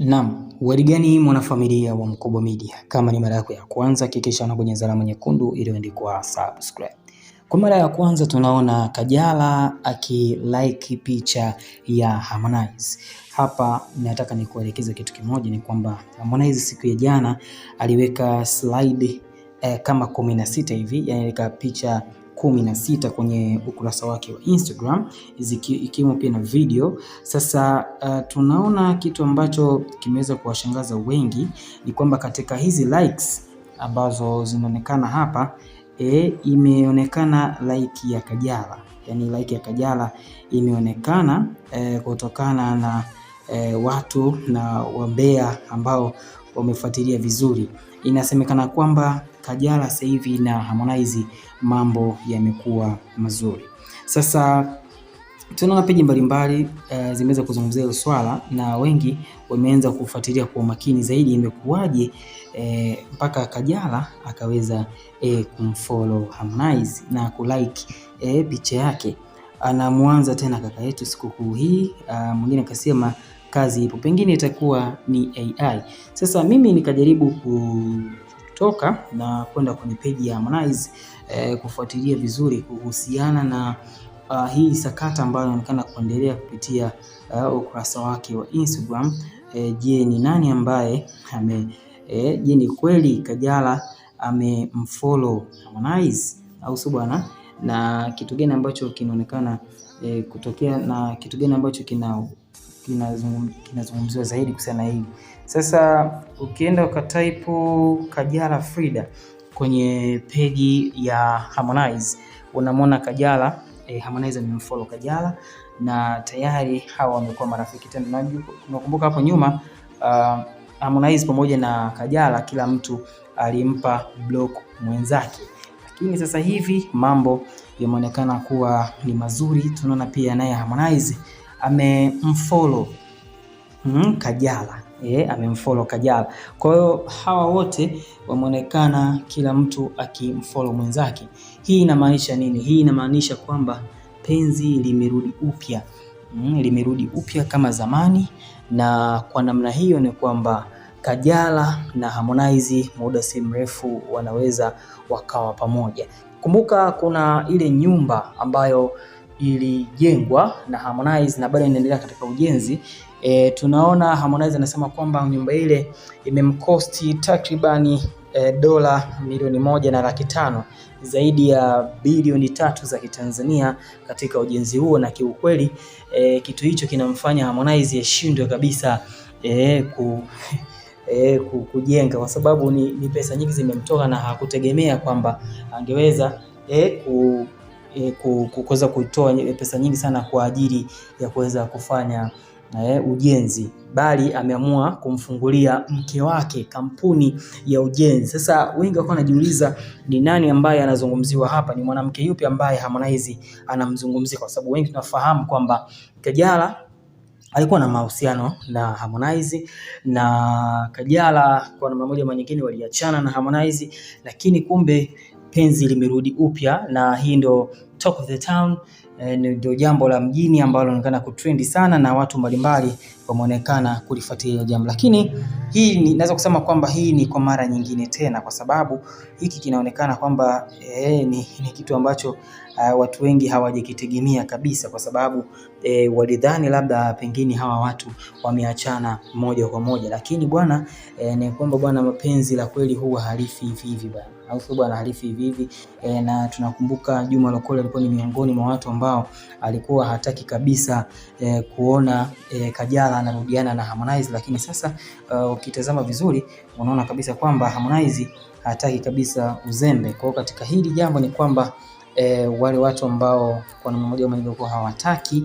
Naam, warigani mwanafamilia wa Mkubwa Media. Kama ni mara yako ya kwanza hakikisha unabonyeza alama nyekundu iliyoandikwa subscribe. Kwa mara ya kwanza tunaona Kajala akilike picha ya Harmonize. Hapa nataka nikuelekeze kitu kimoja, ni kwamba Harmonize siku ya jana aliweka slide eh, kama kumi na sita hivi, yani picha kumi na sita kwenye ukurasa wake wa Instagram ikiwemo pia na video. Sasa uh, tunaona kitu ambacho kimeweza kuwashangaza wengi ni kwamba katika hizi likes ambazo zinaonekana hapa e, imeonekana like ya Kajala, yani like ya Kajala imeonekana e, kutokana na e, watu na wambea ambao wamefuatilia vizuri. Inasemekana kwamba Kajala sasa hivi na Harmonize mambo yamekuwa mazuri. Sasa tunaona peji mbalimbali uh, zimeweza kuzungumzia hilo swala na wengi wameanza kufuatilia kwa makini zaidi, imekuwaje eh, mpaka eh, Kajala akaweza eh, kumfollow Harmonize na kulike eh, picha yake. Anamwanza tena kaka yetu sikukuu hii uh, mwingine akasema kazi ipo, pengine itakuwa ni AI. Sasa mimi nikajaribu ku kutoka na kwenda kwenye peji ya Harmonize eh, kufuatilia vizuri kuhusiana na uh, hii sakata ambayo inaonekana kuendelea kupitia uh, ukurasa wake wa Instagram. Eh, je, ni nani ambaye ame eh, je ni kweli Kajala amemfollow Harmonize au si bwana, na kitu gani ambacho kinaonekana eh, kutokea na kitu gani ambacho kina kinazungumziwa zaidi kuhusiana na hili. Sasa ukienda ukataipu Kajala Frida kwenye peji ya Harmonize unamwona Kajala eh, Harmonize amemfollow Kajala na tayari hawa wamekuwa marafiki tena. Nakumbuka hapo nyuma uh, Harmonize pamoja na Kajala kila mtu alimpa block mwenzake, lakini sasa hivi mambo yameonekana kuwa ni mazuri. Tunaona pia naye Harmonize amemfollow mm, Kajala yeah, amemfollow Kajala. Kwa hiyo hawa wote wameonekana kila mtu akimfollow mwenzake. Hii inamaanisha nini? Hii inamaanisha kwamba penzi limerudi upya mm, limerudi upya kama zamani, na kwa namna hiyo ni kwamba Kajala na Harmonize muda si mrefu wanaweza wakawa pamoja. Kumbuka kuna ile nyumba ambayo ilijengwa na Harmonize na bado inaendelea katika ujenzi. E, tunaona Harmonize anasema kwamba nyumba ile imemkosti takribani e, dola milioni moja na laki tano zaidi ya bilioni tatu za Kitanzania katika ujenzi huo, na kiukweli e, kitu hicho kinamfanya Harmonize yashindwe kabisa e, ku E, kujenga kwa sababu ni, ni pesa nyingi zimemtoka na hakutegemea kwamba angeweza e, e, kuweza kutoa pesa nyingi sana kwa ajili ya kuweza kufanya e, ujenzi bali ameamua kumfungulia mke wake kampuni ya ujenzi. Sasa wengi wako wanajiuliza ni nani ambaye anazungumziwa hapa, ni mwanamke yupi ambaye Harmonize anamzungumzia? Kwa sababu wengi tunafahamu kwamba Kajala alikuwa na mahusiano na Harmonize na Kajala kwa namna moja nyingine waliachana na Harmonize, lakini kumbe penzi limerudi upya, na hii ndio talk of the town, eh, ndio jambo la mjini ambalo linaonekana kutrendi sana na watu mbalimbali wameonekana kulifuatilia jambo. Lakini hii naweza kusema kwamba hii ni kwa mara nyingine tena, kwa sababu hiki kinaonekana kwamba e, ni, ni kitu ambacho uh, watu wengi hawajikitegemea kabisa, kwa sababu e, walidhani labda pengine hawa watu wameachana moja kwa moja, lakini bwana e, ni kwamba bwana mapenzi la kweli huwa halifi hivi hivi bwana au bwana halifi hivi hivi e, na tunakumbuka Juma Lokole alikuwa ni miongoni mwa watu ambao alikuwa hataki kabisa e, kuona e, Kajala anarudiana na Harmonize, lakini sasa uh, ukitazama vizuri unaona kabisa kwamba Harmonize hataki kabisa uzembe. Kwa hiyo katika hili jambo ni kwamba e, wale watu ambao kwa namna moja au kwa hawataki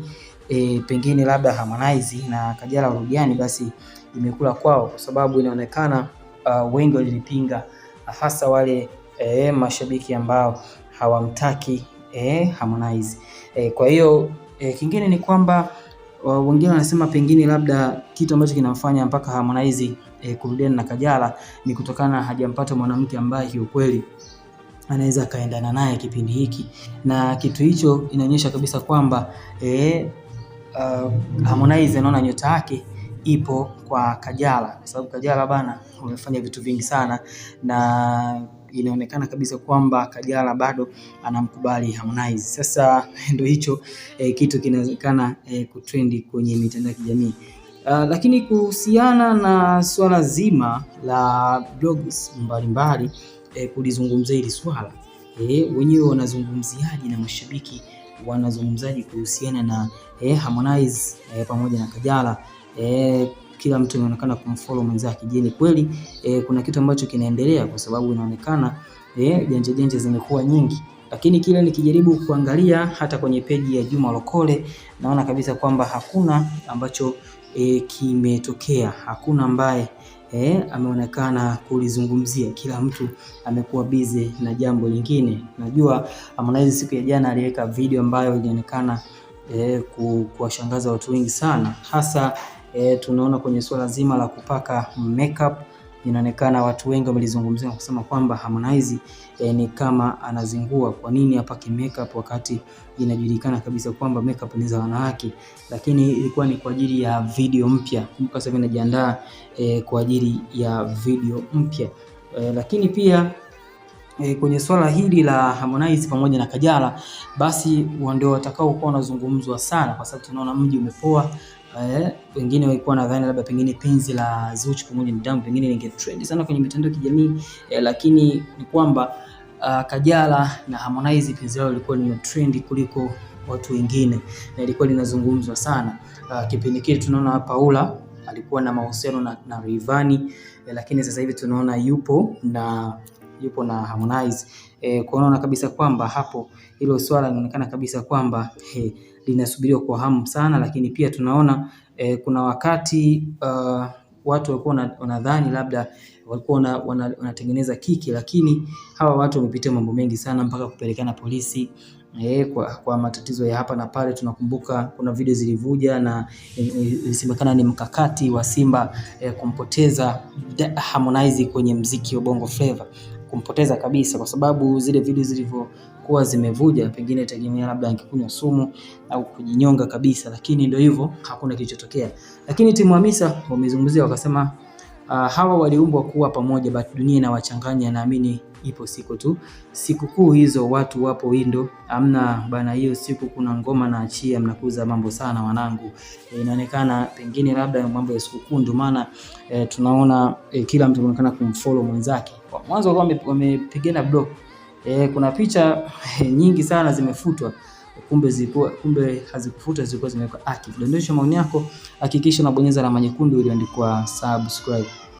e, pengine labda Harmonize na Kajala Urudiani, basi imekula kwao, kwa sababu inaonekana uh, wengi walilipinga hasa wale e, mashabiki ambao hawamtaki e, Harmonize e, kwa hiyo e, kingine ni kwamba wengine wanasema pengine labda kitu ambacho kinamfanya mpaka Harmonize e, kurudiana na Kajala ni kutokana hajampata mwanamke ambaye kiukweli anaweza akaendana naye kipindi hiki, na kitu hicho inaonyesha kabisa kwamba e, uh, Harmonize anaona nyota yake ipo kwa Kajala, kwa sababu Kajala bana amefanya vitu vingi sana na inaonekana kabisa kwamba Kajala bado anamkubali Harmonize. Sasa ndio hicho e, kitu kinawezekana e, eh, kutrendi kwenye mitandao ya kijamii. Uh, lakini kuhusiana na suala zima la blogs mbalimbali mbali, e, kulizungumzia hili swala eh, wenyewe wanazungumziaje na mashabiki wanazungumzaji kuhusiana na eh, Harmonize eh, pamoja na Kajala eh, kila mtu anaonekana kumfollow mwenzake. Je, ni kweli eh, kuna kitu ambacho kinaendelea? Kwa sababu inaonekana eh, janja janja zimekuwa nyingi, lakini kile nikijaribu kuangalia hata kwenye peji ya Juma Lokole naona kabisa kwamba hakuna ambacho eh, kimetokea, hakuna ambaye eh, ameonekana kulizungumzia. Kila mtu amekuwa busy na jambo lingine. Najua Harmonize siku ya jana aliweka video ambayo ilionekana eh, kuwashangaza watu wengi sana, hasa eh, tunaona kwenye suala zima la kupaka makeup inaonekana watu wengi wamelizungumzia na kusema kwamba Harmonize eh, ni kama anazingua. Kwa nini hapaki makeup wakati inajulikana kabisa kwamba makeup ni za wanawake? Lakini ilikuwa ni kwa ajili ya video mpya. Kumbuka sasa inajiandaa eh, kwa ajili ya video mpya eh, lakini pia E, kwenye swala hili la Harmonize pamoja na Kajala basi ndio watakao kuwa wanazungumzwa sana, kwa sababu tunaona mji umepoa, wengine eh, walikuwa nadhani labda pengine penzi la Zuchu pamoja na Diamond pengine lingetrend sana kwenye mitandao ya kijamii eh, lakini ni kwamba uh, Kajala na Harmonize penzi lao lilikuwa lina trend kuliko watu wengine na ilikuwa linazungumzwa sana. Uh, kipindi kile tunaona Paula alikuwa na mahusiano na, na Rayvanny eh, lakini sasa hivi tunaona yupo na yupo na Harmonize e, kuona kabisa kwamba hapo hilo swala linaonekana kabisa kwamba he, linasubiriwa kwa hamu sana, lakini pia tunaona e, kuna wakati uh, watu walikuwa wanadhani labda walikuwa wanatengeneza wana kiki, lakini hawa watu wamepitia mambo mengi sana mpaka kupelekana polisi e, kwa, kwa matatizo ya hapa na pale. Tunakumbuka kuna video zilivuja na e, e, ilisemekana ni mkakati wa Simba e, kumpoteza Harmonize kwenye mziki wa Bongo Flava kumpoteza kabisa, kwa sababu zile video zilivyokuwa zimevuja, pengine tegemea labda angekunywa sumu au kujinyonga kabisa, lakini ndio hivyo, hakuna kilichotokea. Lakini timu Hamisa wamezungumzia wakasema Uh, hawa waliumbwa kuwa pamoja, but dunia inawachanganya. Naamini ipo siku tu, sikukuu hizo watu wapo windo, amna bana. Hiyo siku kuna ngoma na achia, mnakuza mambo sana wanangu. E, inaonekana pengine labda mambo ya sikukuu ndio maana e, tunaona e, kila mtu anaonekana kumfollow mwenzake. Kwa mwanzo wamepigana block e, kuna picha e, nyingi sana zimefutwa kumbe zilikuwa kumbe hazikufuta zilikuwa zimewekwa active. Dondosha maoni yako, hakikisha unabonyeza alama nyekundu iliyoandikwa subscribe.